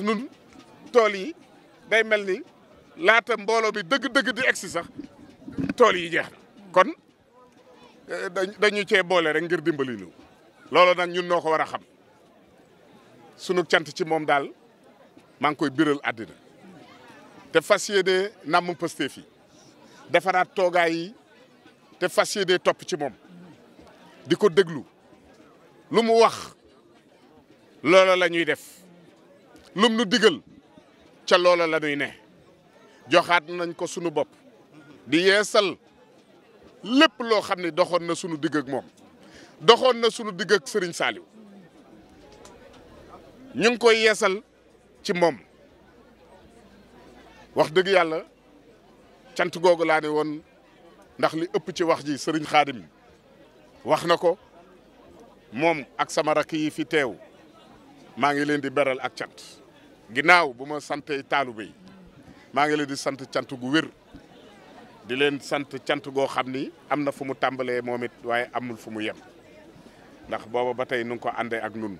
nun tool yi day mel ni laata mbooloo bi dëgg-dëgg di egsi sax tool yi jeex na kon eh, dañu cee boole rek ngir dimbali ñu loolu nag ñun noo ko war a xam sunu cant ci moom daal maa ngi koy biral àddina te fas yéene namm Pastef yi defaraat toogaay te fas yéene topp ci moom di ko déglu lu mu wax loola la ñuy def lum nu digal ca loola la ñuy ne joxaat nañ ko sunu bopp di yeesal lépp loo xam ne doxoon na sunu digg moom doxoon na sunu digg sëriñ saaliw ñu ngi koy yeesal ci moom wax dëgg yàlla cant googu laa ne woon ndax li ëpp ci wax ji Serigne Khadim wax na ko moom ak sama rakk yi fi teew maa ngi leen di beral ak cant ginnaaw bu ma sante taalibe yi maa ngi leen di sant cant gu wér di leen sant cant goo xam ni am na fu mu tàmbalee moom it waaye amul fu mu yem ndax booba ba tey nu ko àndee ak nun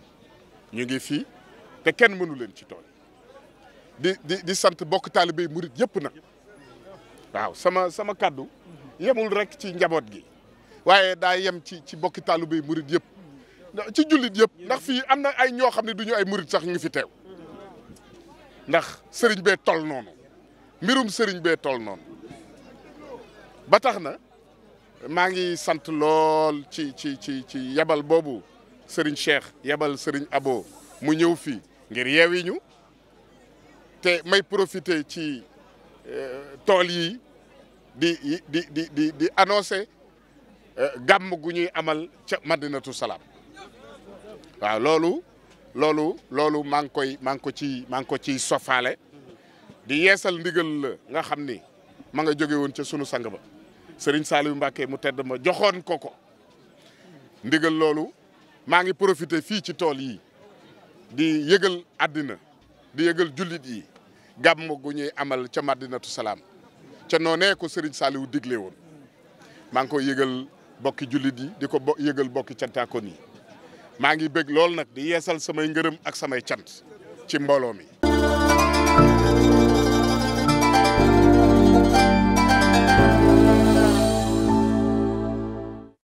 ñu ngi fii te kenn mënu leen ci tool di di di sant bokk taalibe yi murit yëpp nag waaw sama sama kàddu yemul rek ci njaboot gi waaye daa yem ci ci bokki taalibe yi murit yëpp ci jullit yëpp ndax fii am na ay ñoo xam ne du ñu ay murit sax ñu fi teew ndax sëriñ bee tol noonu mbirum sëriñ bee tol noonu ba na maa ngi sant lool ci ci ci ci yebal boobu sëriñ Cheikh yebal sëriñ Abo mu ñëw fii ngir yeewi ñu te may profiter ci euh, tool yi di di di di euh, ñuy amal Madinatu Salaam waaw loolu loolu loolu maa ngi koy maa ngi ko ciy maa ngi ko ciy sofaale di yeesal ndigal la nga xam ni ma nga jógewoon ca sunu sang ba Serigne Saliou Mbacké mu tedd ma joxoon ko ko ndigal loolu maa ngi profité fii ci tool yi di yëgal àddina di yëgal julit yi gàmm gu ñuy amal ca Madinatu Salaam ca noonee ko sëriñ Saliou digle woon maa ngi koy yëgal bokki julit yi di ko yëgal bokki cantaakoon yi maa ngi bëgg lool nag di yeesal samay ngërëm ak samay cant ci mbooloo mi